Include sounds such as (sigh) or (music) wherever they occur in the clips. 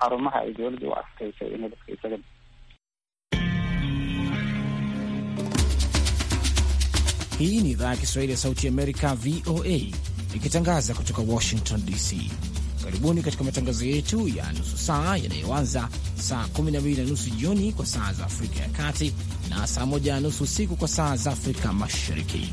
xarumaha ay dowladda u adkaysay inay dadka isaga Hii ni idhaa ya Kiswahili ya Sauti Amerika, VOA, ikitangaza kutoka Washington DC. Karibuni katika matangazo yetu ya nusu saa yanayoanza saa 12 na nusu jioni kwa saa za Afrika ya Kati na saa 1 na nusu usiku kwa saa za Afrika Mashariki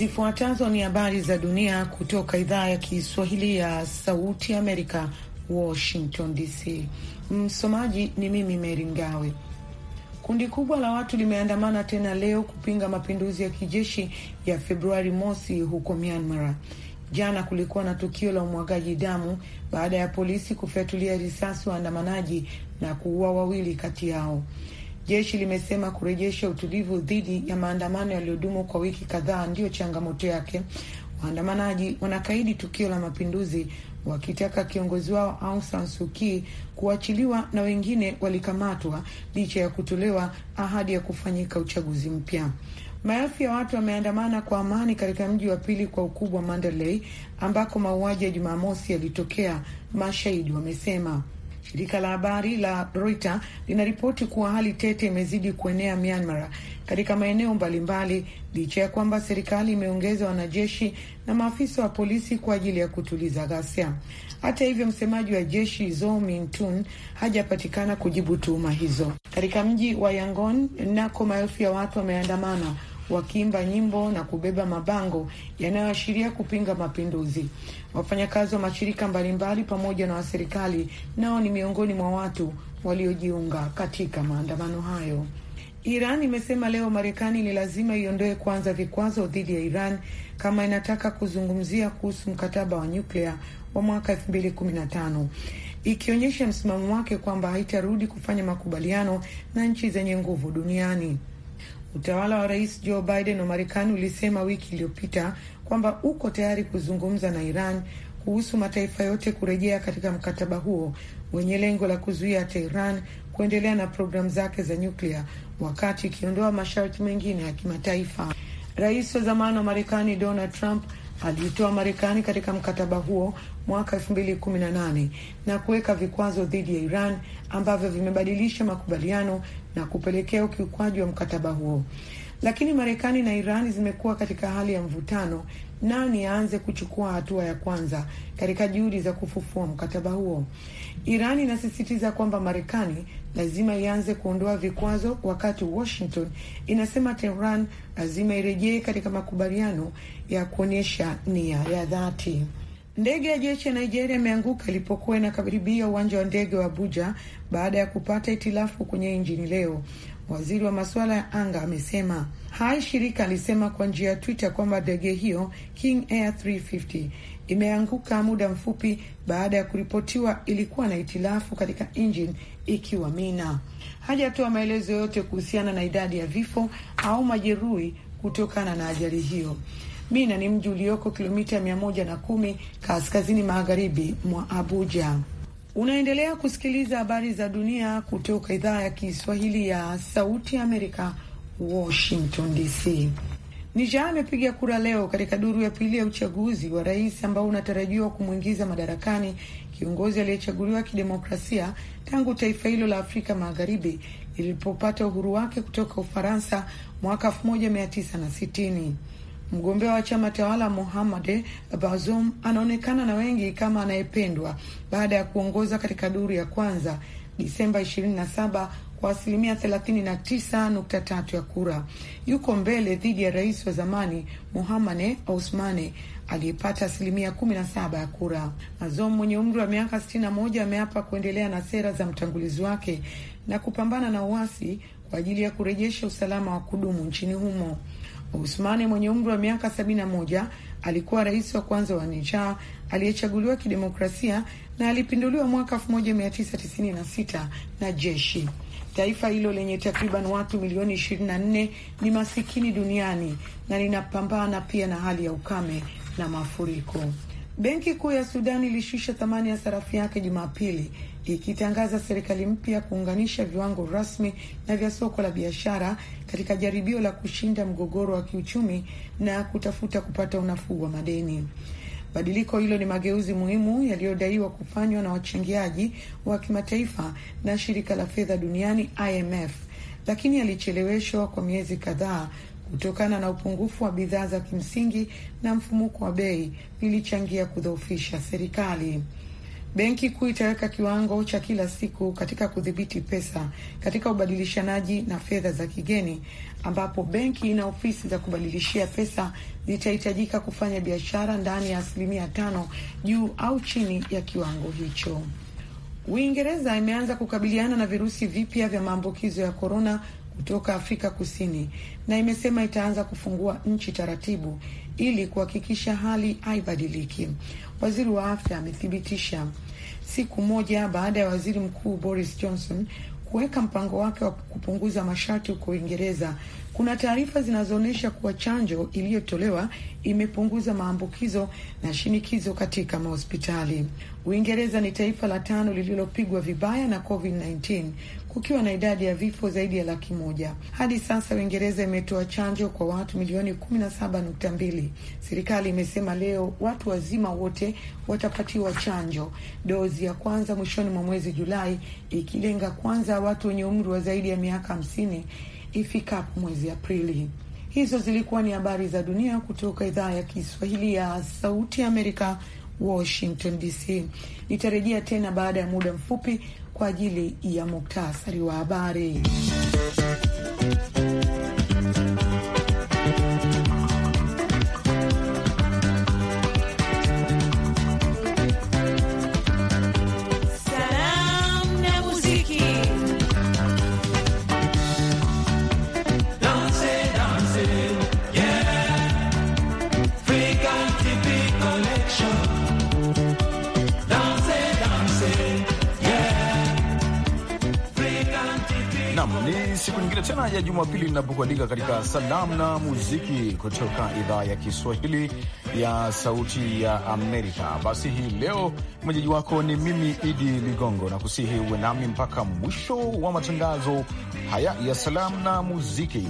Zifuatazo ni habari za dunia kutoka idhaa ya Kiswahili ya Sauti Amerika, Washington DC. Msomaji ni mimi Meri Mgawe. Kundi kubwa la watu limeandamana tena leo kupinga mapinduzi ya kijeshi ya Februari mosi huko Myanmar. Jana kulikuwa na tukio la umwagaji damu baada ya polisi kufyatulia risasi waandamanaji na kuua wawili kati yao. Jeshi limesema kurejesha utulivu dhidi ya maandamano yaliyodumu kwa wiki kadhaa ndiyo changamoto yake. Waandamanaji wanakaidi tukio la mapinduzi wakitaka kiongozi wao Aung San Suu Kyi kuachiliwa na wengine walikamatwa licha ya kutolewa ahadi ya kufanyika uchaguzi mpya. Maelfu ya watu wameandamana kwa amani katika mji wa pili kwa ukubwa Mandalay, ambako mauaji ya Jumamosi yalitokea, mashahidi wamesema. Shirika la habari la Reuters linaripoti kuwa hali tete imezidi kuenea Myanmar katika maeneo mbalimbali licha ya kwamba serikali imeongeza wanajeshi na maafisa wa polisi kwa ajili ya kutuliza ghasia. Hata hivyo, msemaji wa jeshi Zo Mintun hajapatikana kujibu tuhuma hizo. Katika mji wa Yangon nako maelfu ya watu wameandamana wakiimba nyimbo na kubeba mabango yanayoashiria kupinga mapinduzi. Wafanyakazi wa mashirika mbalimbali pamoja na waserikali nao ni miongoni mwa watu waliojiunga katika maandamano hayo. Iran imesema leo Marekani ni lazima iondoe kwanza vikwazo dhidi ya Iran kama inataka kuzungumzia kuhusu mkataba wa nyuklia wa mwaka kumi tano ikionyesha msimamo wake kwamba haitarudi kufanya makubaliano na nchi zenye nguvu duniani. Utawala wa Rais Joe Biden wa Marekani ulisema wiki iliyopita kwamba uko tayari kuzungumza na Iran kuhusu mataifa yote kurejea katika mkataba huo wenye lengo la kuzuia Tehran kuendelea na programu zake za nyuklia wakati ikiondoa masharti mengine ya kimataifa. Rais wa zamani wa Marekani Donald Trump aliitoa Marekani katika mkataba huo mwaka elfu mbili kumi na nane na kuweka vikwazo dhidi ya Iran ambavyo vimebadilisha makubaliano na kupelekea ukiukwaji wa mkataba huo. Lakini Marekani na Iran zimekuwa katika hali ya mvutano, nani aanze kuchukua hatua ya kwanza katika juhudi za kufufua mkataba huo. Iran inasisitiza kwamba Marekani lazima ianze kuondoa vikwazo, wakati Washington inasema Tehran lazima irejee katika makubaliano ya kuonyesha nia ya dhati. Ndege ya jeshi ya Nigeria imeanguka ilipokuwa inakaribia uwanja wa ndege wa Abuja baada ya kupata itilafu kwenye injini leo, waziri wa masuala ya anga amesema. Hai shirika alisema kwa njia ya Twitter kwamba ndege hiyo King Air 350 imeanguka muda mfupi baada ya kuripotiwa ilikuwa na itilafu katika injini ikiwa Mina. Hajatoa maelezo yote kuhusiana na idadi ya vifo au majeruhi kutokana na ajali hiyo. Mina ni mji ulioko kilomita kumi kaskazini magharibi mwa Abuja. Unaendelea kusikiliza habari za dunia kutoka idhaa ya Kiswahili ya Sauti ya Amerika, Washington DC. Niger amepiga kura leo katika duru ya pili ya uchaguzi wa rais ambao unatarajiwa kumwingiza madarakani kiongozi aliyechaguliwa kidemokrasia tangu taifa hilo la Afrika Magharibi lilipopata uhuru wake kutoka Ufaransa mwaka 1960. Mgombea wa chama tawala Mohamed Bazoum anaonekana na wengi kama anayependwa baada ya kuongoza katika duru ya kwanza Disemba 27 kwa asilimia 39.3 ya kura. Yuko mbele dhidi ya rais wa zamani Mohamane Ousmane aliyepata asilimia 17 ya kura. Bazoum mwenye umri wa miaka 61 ameapa kuendelea na sera za mtangulizi wake na kupambana na uasi kwa ajili ya kurejesha usalama wa kudumu nchini humo. Usmani mwenye umri wa miaka 71 alikuwa rais wa kwanza wa Nija aliyechaguliwa kidemokrasia na alipinduliwa mwaka 1996 na jeshi. Taifa hilo lenye takriban watu milioni 24 ni masikini duniani na linapambana pia na hali ya ukame na mafuriko. Benki Kuu ya Sudani ilishusha thamani ya sarafu yake Jumapili ikitangaza serikali mpya kuunganisha viwango rasmi na vya soko la biashara katika jaribio la kushinda mgogoro wa kiuchumi na kutafuta kupata unafuu wa madeni. Badiliko hilo ni mageuzi muhimu yaliyodaiwa kufanywa na wachangiaji wa kimataifa na shirika la fedha duniani IMF, lakini yalicheleweshwa kwa miezi kadhaa kutokana na upungufu wa bidhaa za kimsingi na mfumuko wa bei, ilichangia kudhoofisha serikali. Benki Kuu itaweka kiwango cha kila siku katika kudhibiti pesa katika ubadilishanaji na fedha za kigeni, ambapo benki na ofisi za kubadilishia pesa zitahitajika kufanya biashara ndani ya asilimia tano juu au chini ya kiwango hicho. Uingereza imeanza kukabiliana na virusi vipya vya maambukizo ya korona kutoka Afrika Kusini na imesema itaanza kufungua nchi taratibu ili kuhakikisha hali haibadiliki. Waziri wa afya amethibitisha siku moja baada ya waziri mkuu Boris Johnson kuweka mpango wake wa kupunguza masharti huko Uingereza. Kuna taarifa zinazoonyesha kuwa chanjo iliyotolewa imepunguza maambukizo na shinikizo katika mahospitali. Uingereza ni taifa la tano lililopigwa vibaya na COVID-19 kukiwa na idadi ya vifo zaidi ya laki moja. Hadi sasa Uingereza imetoa chanjo kwa watu milioni saba nukta mbili Serikali imesema leo watu wazima wote watapatiwa chanjo, dozi ya kwanza mwishoni mwa mwezi Julai, ikilenga kwanza watu wenye umri wa zaidi ya miaka hamsini ifikapo mwezi Aprili. Hizo zilikuwa ni habari za dunia kutoka idhaa ya Kiswahili ya Sauti Amerika, Washington DC. Nitarejea tena baada ya muda mfupi kwa ajili ya muktasari wa habari. Ni siku nyingine tena ya Jumapili ninapokualika katika salamu na muziki kutoka idhaa ya Kiswahili ya Sauti ya Amerika. Basi hii leo mwenyeji wako ni mimi Idi Ligongo, na kusihi uwe nami mpaka mwisho wa matangazo haya ya salamu na muziki.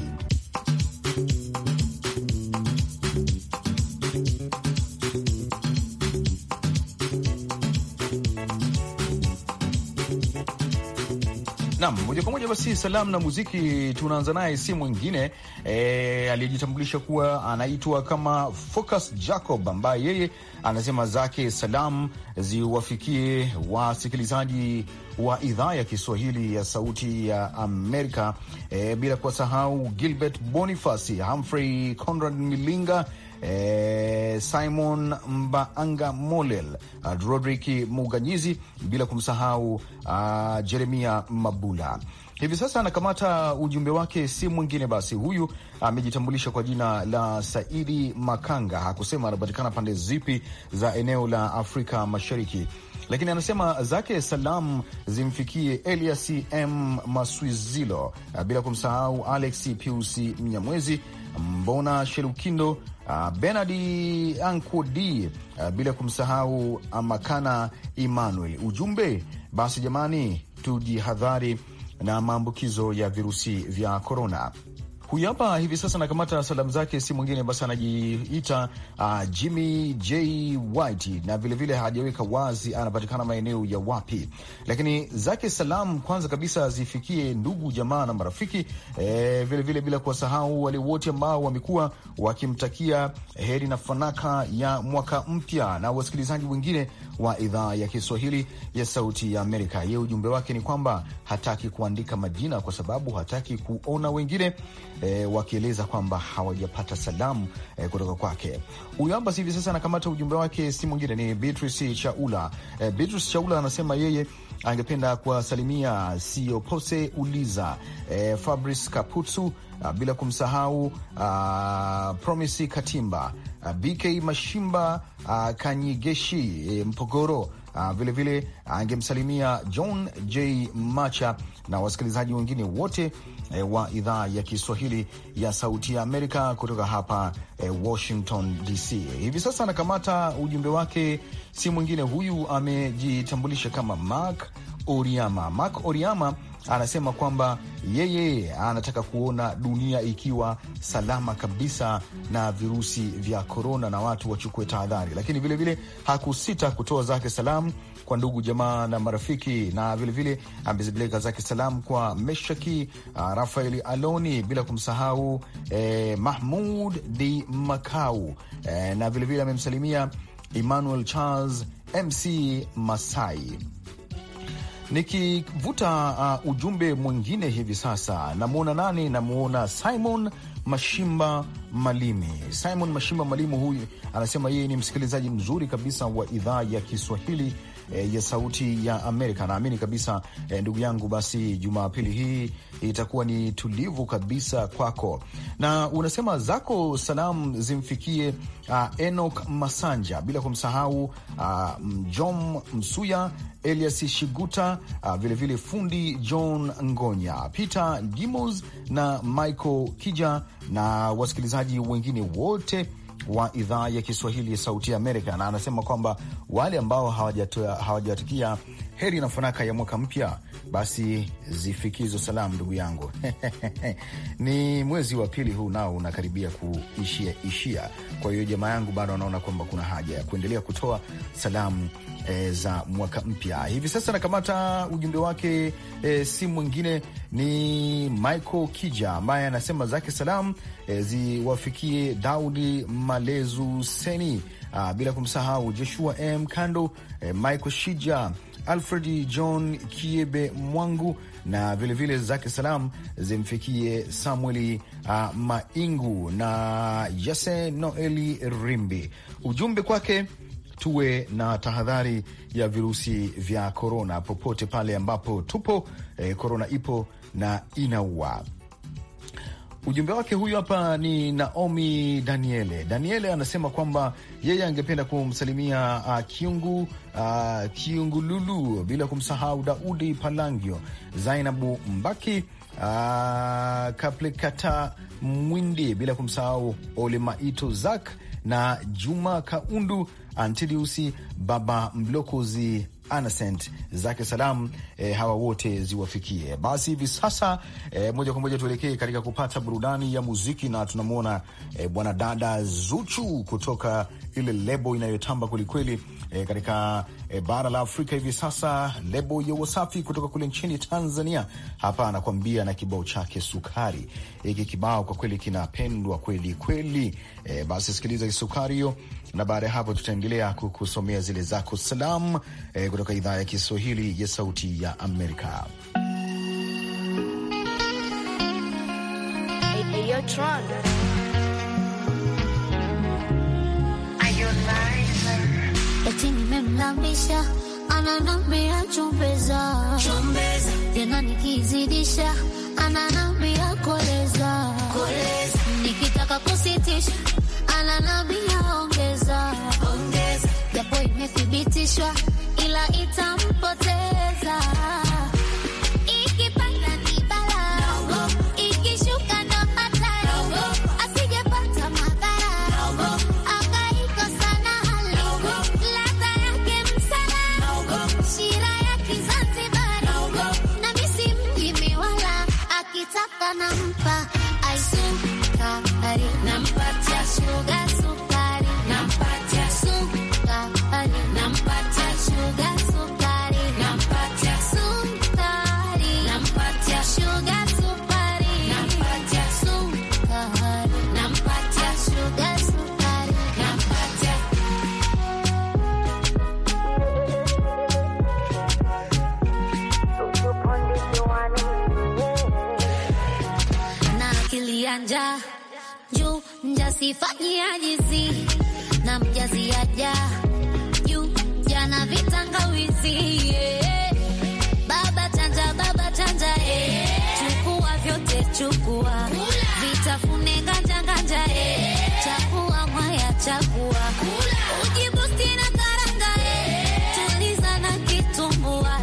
Nam moja kwa moja basi, salamu na muziki tunaanza naye, si mwingine e, aliyejitambulisha kuwa anaitwa kama Focus Jacob, ambaye yeye anasema zake salamu ziwafikie wasikilizaji wa idhaa ya Kiswahili ya Sauti ya Amerika, e, bila kuwasahau Gilbert Bonifasi, Humphrey Conrad Milinga E, Simon Mbaanga Molel, Rodrik Muganyizi, bila kumsahau Jeremia Mabula. Hivi sasa anakamata ujumbe wake, si mwingine basi, huyu amejitambulisha kwa jina la Saidi Makanga. Hakusema anapatikana pande zipi za eneo la Afrika Mashariki, lakini anasema zake salamu zimfikie Elias M Maswizilo, bila kumsahau Alex Piusi Mnyamwezi, Mbona Shelukindo uh, ah, Benadi uh, ah, bila kumsahau Amakana Emmanuel. Ujumbe basi, jamani, tujihadhari na maambukizo ya virusi vya korona. Huyu hapa hivi sasa anakamata salamu zake, si mwingine basi anajiita uh, Jimmy J White, na vilevile hajaweka wazi anapatikana maeneo ya wapi, lakini zake salamu kwanza kabisa zifikie ndugu jamaa na marafiki vilevile, eh, vile bila kuwasahau wale wote ambao wamekuwa wakimtakia heri na fanaka ya mwaka mpya na wasikilizaji wengine wa idhaa ya Kiswahili ya Sauti ya Amerika. Yeye ujumbe wake ni kwamba hataki kuandika majina kwa sababu hataki kuona wengine e, wakieleza kwamba hawajapata salamu e, kutoka kwake. Huyo Ambas hivi sasa anakamata ujumbe wake, si mwingine ni Beatrice Chaula. E, Beatrice Chaula anasema yeye angependa kuwasalimia Siopose Uliza, e, Fabrice Kaputsu, a, ah, bila kumsahau a, ah, Promise Katimba, a, ah, BK Mashimba, a, Kanyigeshi, e, Mpogoro vilevile vile, angemsalimia John J Macha na wasikilizaji wengine wote e, wa idhaa ya Kiswahili ya Sauti ya Amerika kutoka hapa e, Washington DC. Hivi sasa anakamata ujumbe wake, si mwingine huyu, amejitambulisha kama Mark Oriama. Mark Oriama anasema kwamba yeye anataka kuona dunia ikiwa salama kabisa na virusi vya korona na watu wachukue tahadhari, lakini vilevile hakusita kutoa zake salamu kwa ndugu jamaa na marafiki, na vilevile amezipeleka zake salam kwa Meshaki uh, Rafaeli Aloni, bila kumsahau eh, Mahmud Di Makau eh, na vilevile amemsalimia Emmanuel Charles MC Masai. Nikivuta uh, ujumbe mwingine hivi sasa, namwona nani? Namwona Simon Mashimba Malimi. Simon Mashimba Malimi huyu anasema yeye ni msikilizaji mzuri kabisa wa idhaa ya Kiswahili e, ya Sauti ya Amerika. Naamini kabisa e, ndugu yangu, basi Jumapili hii itakuwa ni tulivu kabisa kwako, na unasema zako salamu zimfikie uh, ah, Enok Masanja, bila kumsahau uh, ah, Mjom Msuya, Elias Shiguta, uh, ah, vilevile fundi John Ngonya, Peter gimos na Michael Kija na wasikilizaji wengine wote wa idhaa ya Kiswahili ya Sauti ya Amerika, na anasema kwamba wale ambao hawajatikia heri na fanaka ya mwaka mpya, basi zifikizo salamu ndugu yangu. (laughs) Ni mwezi wa pili huu nao unakaribia kuishia ishia, kwa hiyo jamaa yangu bado wanaona kwamba kuna haja ya kuendelea kutoa salamu e, za mwaka mpya. Hivi sasa nakamata ujumbe wake e, si mwingine ni Michael Kija ambaye anasema zake salam e, ziwafikie Daudi Malezu Seni a, bila kumsahau Joshua M Kando e, Michael Shija Alfred John Kiebe Mwangu na vilevile zake salam zimfikie Samueli uh, Maingu na Yase Noeli Rimbi. Ujumbe kwake tuwe na tahadhari ya virusi vya korona popote pale ambapo tupo. Korona eh, ipo na inaua. Ujumbe wake huyu hapa ni Naomi Daniele. Daniele anasema kwamba yeye angependa kumsalimia uh, Kiungu uh, ah, Kiungu Lulu, bila kumsahau Daudi Palangio, Zainabu Mbaki, uh, Kaplekata Mwindi, bila kumsahau Olemaito Zak na Juma Kaundu, Antiliusi Baba Mlokozi, Anacent zake salam. E, hawa wote ziwafikie basi. Hivi sasa e, moja kwa moja tuelekee katika kupata burudani ya muziki, na tunamwona e, eh, bwana dada Zuchu kutoka ile lebo inayotamba kwelikweli e, katika e, bara la Afrika hivi sasa, lebo ya Wasafi kutoka kule nchini Tanzania. Hapa anakuambia na kibao chake Sukari. Hiki kibao kwa kweli kinapendwa kweli kweli. E, basi sikiliza Sukari hiyo, na baada ya hapo tutaendelea kukusomea zile zako salam e, kutoka idhaa ya Kiswahili ya Sauti ya Amerika. Hey, hey, eti nimemlambisha, ananambia chumbeza, chumbeza tena, nikizidisha ananambia koleza, koleza nikitaka kusitisha ananambia ongeza, ongeza japo imethibitishwa ila itampotea tanampa. bila njaa juu mjasifanyi ajizi na mjazi aja juu jana vitangawizi yeah. Baba chanja baba chanja yeah. Chukua vyote chukua vitafune ganja ganja yeah. Chakua mwaya chakua ujibusti karanga yeah. na kitumbua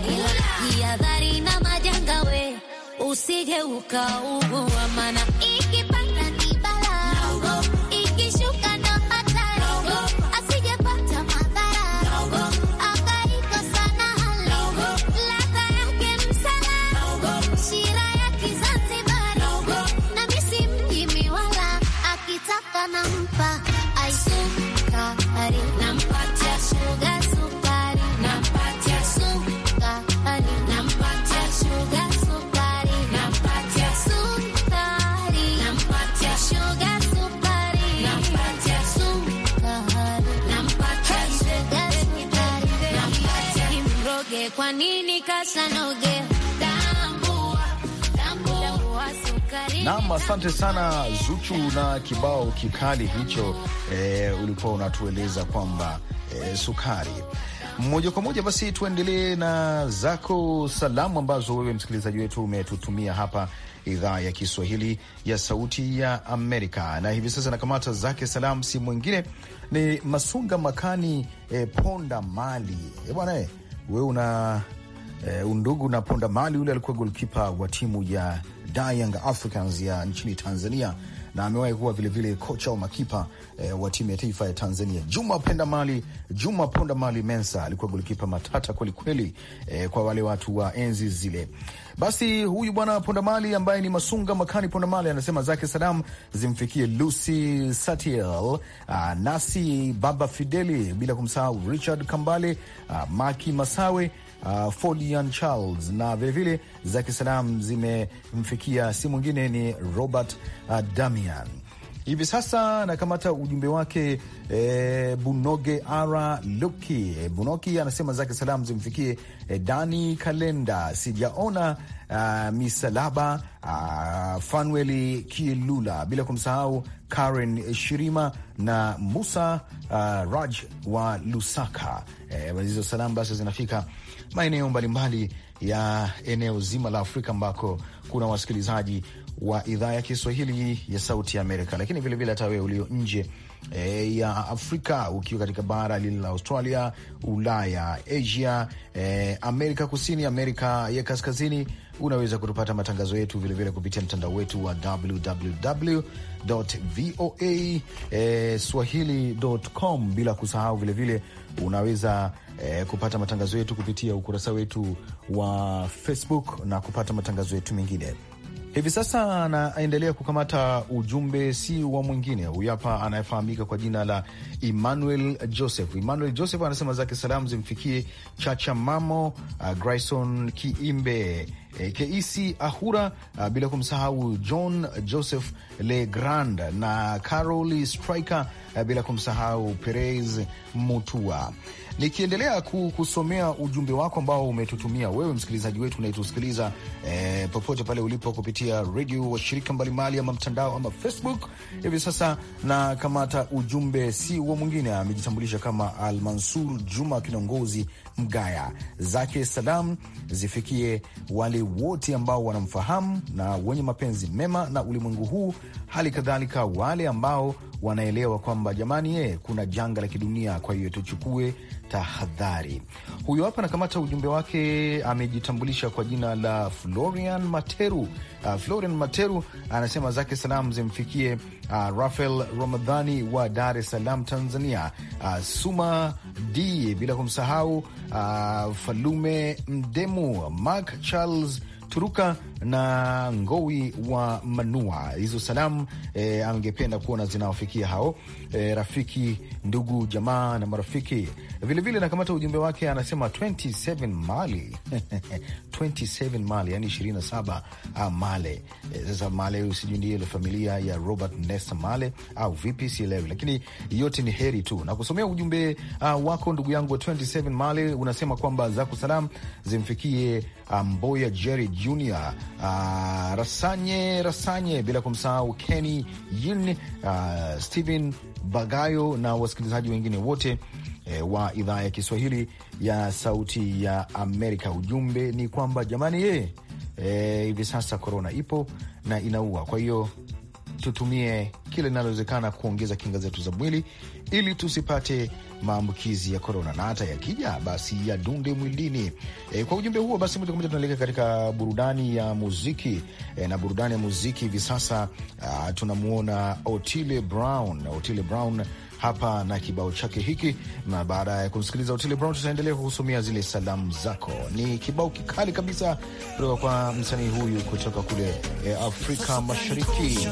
usije ukaugua mana Kwa nini kasanoge? asante sana Zuchu na kibao kikali hicho. E, ulikuwa unatueleza kwamba e, sukari moja kwa moja basi, tuendelee na zako salamu ambazo wewe msikilizaji wetu umetutumia hapa idhaa ya Kiswahili ya Sauti ya Amerika. Na hivi sasa nakamata zake salamu, si mwingine ni Masunga Makani e, Ponda Mali e, bwana we una e, undugu na Ponda Mali, yule alikuwa golkipa wa timu ya dyang Africans ya nchini Tanzania na amewahi kuwa vilevile kocha wa makipa e, wa timu ya taifa ya Tanzania. Juma Penda Mali, Juma Ponda Mali Mensa alikuwa golikipa matata kwelikweli e, eh, kwa wale watu wa enzi zile. Basi huyu bwana Pondamali ambaye ni Masunga Makani Pondamali anasema zake salam zimfikie Lucy Satiel, uh, nasi Baba Fideli, bila kumsahau Richard Kambale, uh, Maki Masawe uh, Charles na vilevile za kisalam zimemfikia si mwingine ni Robert uh, Damian. Hivi sasa nakamata ujumbe wake e, Bunoge Ara Luki e, eh, Bunoki anasema zake salamu zimfikie e, Dani Kalenda, sijaona ah, misalaba a, Fanueli Kilula, bila kumsahau Karen Shirima na Musa a, Raj wa Lusaka. Hizo e, salamu basi zinafika maeneo mbalimbali ya eneo zima la Afrika ambako kuna wasikilizaji wa idhaa ya Kiswahili ya Sauti ya Amerika, lakini vilevile hata wewe ulio nje e, ya Afrika, ukiwa katika bara lile la Australia, Ulaya, Asia, e, Amerika Kusini, Amerika ya Kaskazini, unaweza kutupata matangazo yetu vilevile kupitia mtandao wetu wa www voa e, swahili.com, bila kusahau vilevile unaweza e, kupata matangazo yetu kupitia ukurasa wetu wa Facebook na kupata matangazo yetu mengine hivi sasa anaendelea kukamata ujumbe si wa mwingine, huyu hapa anayefahamika kwa jina la Emmanuel Joseph. Emmanuel Joseph anasema zake salamu zimfikie Chacha Mamo, uh, Grison Kiimbe, eh, uh, Keisi Ahura, uh, bila kumsahau John Joseph le grand na Carol Striker, uh, bila kumsahau Perez Mutua nikiendelea kusomea ujumbe wako ambao umetutumia wewe msikilizaji wetu unayetusikiliza eh, popote pale ulipo kupitia redio washirika mbalimbali ama mtandao ama Facebook hivi sasa. Na kamata ujumbe si wa mwingine, amejitambulisha kama Almansur Juma Kinongozi Mgaya zake salam zifikie wale wote ambao wanamfahamu na wenye mapenzi mema na ulimwengu huu, hali kadhalika wale ambao wanaelewa kwamba jamani, ye eh, kuna janga la kidunia, kwa hiyo tuchukue tahadhari. Huyo hapa anakamata ujumbe wake, amejitambulisha kwa jina la Florian Materu. Uh, Florian Materu anasema zake salam zimfikie uh, Rafael Ramadhani wa Dar es Salaam, Tanzania, uh, Suma D bila kumsahau uh, Falume Mdemu, Mark Charles Turuka na Ngowi wa Manua. Hizo salamu e, angependa kuona zinawafikia hao e, rafiki, ndugu, jamaa na marafiki vilevile. Nakamata ujumbe wake, anasema 27 mali 27 (laughs) mali, yani 27 ah, male. E, sasa male sijui ndiye ile familia ya Robert Nesta Male au vipi, sielewi, lakini yote ni heri tu na kusomea ujumbe ah, wako ndugu yangu wa 27 male. Unasema kwamba zako salam zimfikie ah, Mboya Jerry Jr uh, Rasanye Rasanye, bila kumsahau Kenny Yin, uh, ah, Stephen Bagayo na wasikilizaji wengine wote eh, wa idhaa ya Kiswahili ya Sauti ya Amerika. Ujumbe ni kwamba jamani, ye eh, eh, hivi eh, sasa korona ipo na inaua, kwa hiyo tutumie kile linalowezekana kuongeza kinga zetu za mwili ili tusipate maambukizi ya korona, na hata yakija basi yadunde mwilini. E, eh, kwa ujumbe huo basi moja kwa moja tunaelekea katika burudani ya muziki e, na burudani ya muziki hivi sasa ah, tunamwona Otile Brown. Otile Brown hapa na kibao chake hiki, na baada ya kumsikiliza Otile Brown tutaendelea kukusomea zile salamu zako. Ni kibao kikali kabisa kutoka kwa msanii huyu kutoka kule e, Afrika Mashariki.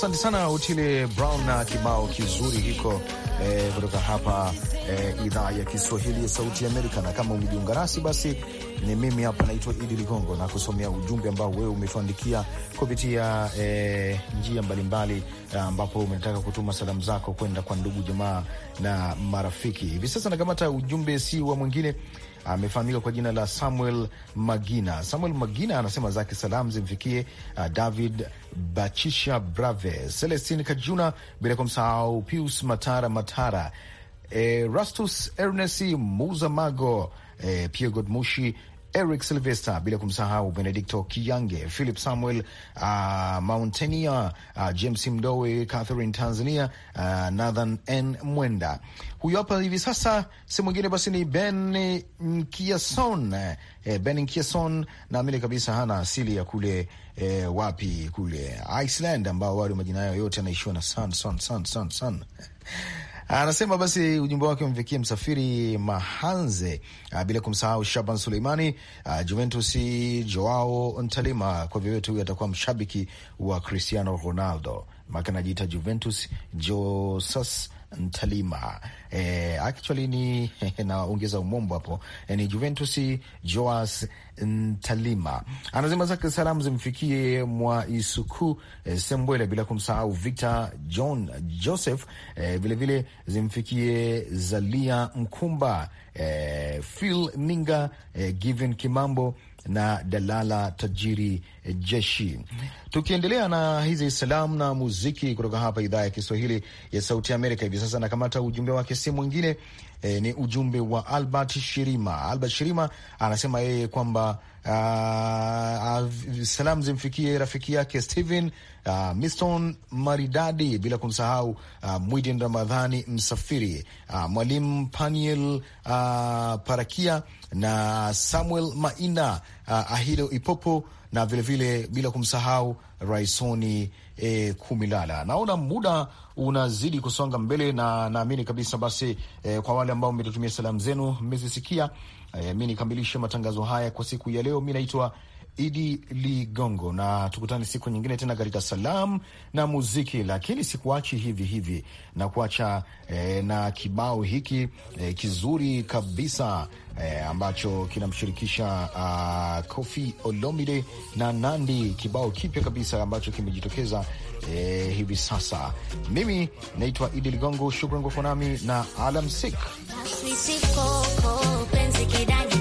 Asante sana Utile Brown na kibao kizuri hiko eh, kutoka hapa eh, idhaa ya Kiswahili ya Sauti Amerika. Na kama umejiunga nasi, basi ni mimi hapa naitwa Idi Ligongo na kusomea ujumbe ambao wewe umetuandikia kupitia eh, njia mbalimbali eh, ambapo mbali, umetaka kutuma salamu zako kwenda kwa ndugu jamaa na marafiki. Hivi sasa nakamata ujumbe si wa mwingine amefahamika kwa jina la Samuel Magina. Samuel Magina anasema zake salam zimfikie uh, David Bachisha Brave, Celestin Kajuna, bila kumsahau Pius Matara Matara, eh, Rastus Ernesi Muzamago, eh, Pierre Godmushi Eric Silvester, bila kumsahau Benedicto Kiyange, Philip Samuel, uh, Mountaineer, uh, James Mdowe, Catherine Tanzania, uh, Nathan N Mwenda. Huyu hapa hivi sasa, si mwingine basi ni Ben Nkiason. Eh, eh Ben Nkiason naamini kabisa hana asili ya kule eh, wapi kule Iceland, ambao wale majina yao yote anaishiwa na san san san san san Ah, anasema basi ujumbe wake umfikie Msafiri Mahanze, ah, bila kumsahau Shaban Suleimani, ah, Juventus Joao Ntalima. Kwa vyovyote, huyu atakuwa mshabiki wa Cristiano Ronaldo, maka anajiita Juventus Josas Ntalima E, eh, actually ni (laughs) naongeza umombo hapo e, ni Juventus Joas Ntalima anasema zake salamu zimfikie mwa Isuku e, Sembwele, bila kumsahau Victor John Joseph vilevile vile zimfikie Zalia Mkumba e, Phil Ninga e, Given Kimambo na Dalala Tajiri eh, Jeshi. Tukiendelea na hizi salamu na muziki kutoka hapa idhaa ya Kiswahili ya Sauti Amerika, hivi sasa nakamata ujumbe wake si mwingine e, ni ujumbe wa Albert Shirima. Albert Shirima anasema yeye kwamba Uh, salamu zimfikie rafiki yake stehen uh, ah, Miston Maridadi, bila kumsahau uh, Mwidin Ramadhani Msafiri, uh, Mwalimu Paniel uh, Parakia na Samuel Maina uh, Ahilo Ipopo na vilevile vile, bila kumsahau Raisoni e, Kumilala. Naona muda unazidi kusonga mbele, na naamini kabisa basi e, kwa wale ambao mmetutumia salamu zenu mmezisikia Eh, Mi nikamilishe matangazo haya kwa siku ya leo. Mi naitwa Idi Ligongo na tukutane siku nyingine tena katika salamu na muziki, lakini sikuachi hivi hivi na kuacha eh, na kibao hiki eh, kizuri kabisa eh, ambacho kinamshirikisha uh, Kofi Olomide na Nandi, kibao kipya kabisa ambacho kimejitokeza eh, hivi sasa. Mimi naitwa Idi Ligongo, shukran kwa kuwa nami na alamsik. take it and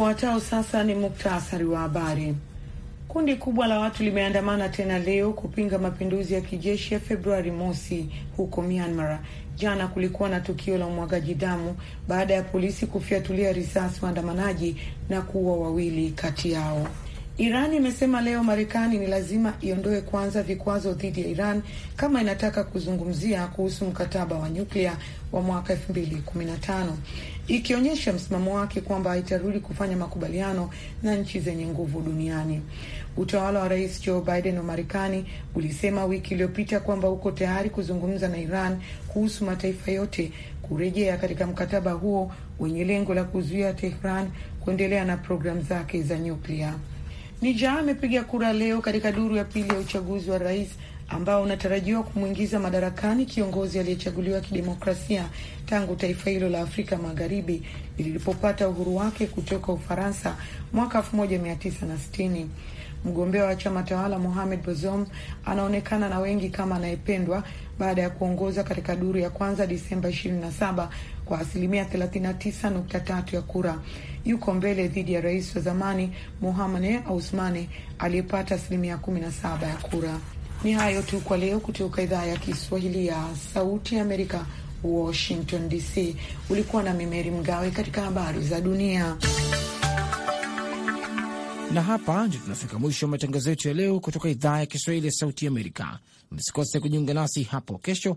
Ufuatao sasa ni muktasari wa habari. Kundi kubwa la watu limeandamana tena leo kupinga mapinduzi ya kijeshi ya Februari mosi huko Myanmar. Jana kulikuwa na tukio la umwagaji damu baada ya polisi kufyatulia risasi waandamanaji na kuua wawili kati yao. Iran imesema leo Marekani ni lazima iondoe kwanza vikwazo dhidi ya Iran kama inataka kuzungumzia kuhusu mkataba wa nyuklia wa mwaka tano ikionyesha msimamo wake kwamba haitarudi kufanya makubaliano na nchi zenye nguvu duniani. Utawala wa Rais Joe Biden wa Marekani ulisema wiki iliyopita kwamba uko tayari kuzungumza na Iran kuhusu mataifa yote kurejea katika mkataba huo wenye lengo la kuzuia Tehran kuendelea na programu zake za nyuklia. Nija amepiga kura leo katika duru ya pili ya uchaguzi wa rais ambao unatarajiwa kumwingiza madarakani kiongozi aliyechaguliwa kidemokrasia tangu taifa hilo la Afrika Magharibi lilipopata uhuru wake kutoka Ufaransa mwaka 1960. Mgombea wa chama tawala Mohamed Bozom anaonekana na wengi kama anayependwa baada ya kuongoza katika duru ya kwanza Disemba 27 kwa asilimia 39.3 ya kura. Yuko mbele dhidi ya rais wa zamani muhamad ausmani aliyepata asilimia 17 ya kura. Ni hayo tu kwa leo kutoka idhaa ya Kiswahili ya Sauti Amerika, Washington DC. Ulikuwa na Mimeri Mgawe katika habari za dunia, na hapa ndio tunafika mwisho wa matangazo yetu ya leo kutoka idhaa ya Kiswahili ya Sauti Amerika. Msikose kujiunga nasi hapo kesho